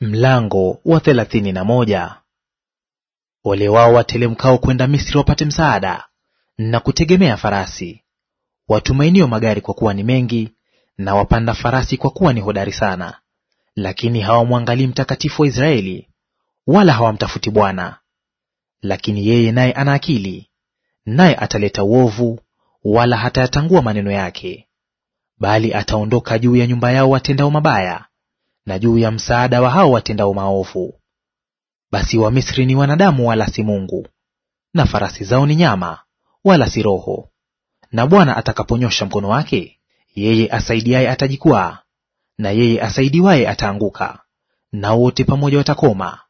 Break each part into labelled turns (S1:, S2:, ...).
S1: Mlango wa thelathini na moja. Ole wao watelemkao kwenda Misri wapate msaada na kutegemea farasi, watumainio magari kwa kuwa ni mengi, na wapanda farasi kwa kuwa ni hodari sana. Lakini hawamwangalii mtakatifu wa Israeli, wala hawamtafuti Bwana. Lakini yeye naye ana akili, naye ataleta uovu, wala hatayatangua maneno yake, bali ataondoka juu ya nyumba yao watendao mabaya na juu ya msaada wa hao watendao maovu. Basi Wamisri ni wanadamu wala si Mungu, na farasi zao ni nyama wala si roho. Na Bwana atakaponyosha mkono wake, yeye asaidiaye atajikwaa, na yeye asaidiwaye ataanguka, na wote pamoja watakoma.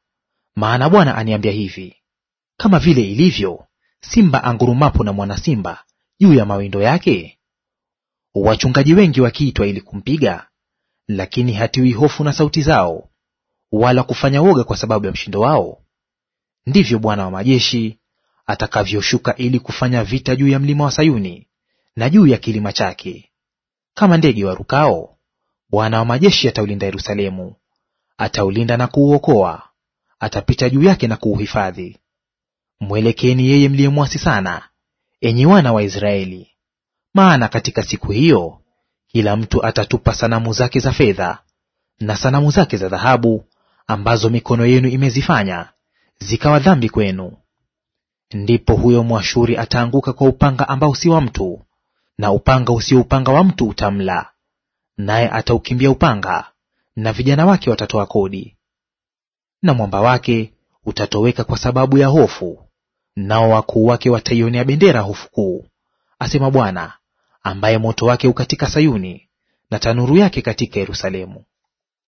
S1: Maana Bwana aniambia hivi, kama vile ilivyo simba angurumapo na mwana simba juu ya mawindo yake, wachungaji wengi wakiitwa ili kumpiga lakini hatiwi hofu na sauti zao, wala kufanya woga kwa sababu ya mshindo wao, ndivyo Bwana wa majeshi atakavyoshuka ili kufanya vita juu ya mlima wa Sayuni na juu ya kilima chake. Kama ndege warukao, Bwana wa majeshi ataulinda Yerusalemu; ataulinda na kuuokoa, atapita juu yake na kuuhifadhi. Mwelekeni yeye mliyemwasi sana, enyi wana wa Israeli, maana katika siku hiyo kila mtu atatupa sanamu zake za fedha na sanamu zake za dhahabu ambazo mikono yenu imezifanya zikawa dhambi kwenu. Ndipo huyo Mwashuri ataanguka kwa upanga ambao si wa mtu, na upanga usio upanga wa mtu utamla, naye ataukimbia upanga, na vijana wake watatoa kodi. Na mwamba wake utatoweka kwa sababu ya hofu, nao wakuu wake wataionea bendera hofu kuu, asema Bwana ambaye moto wake ukatika Sayuni na tanuru yake katika Yerusalemu.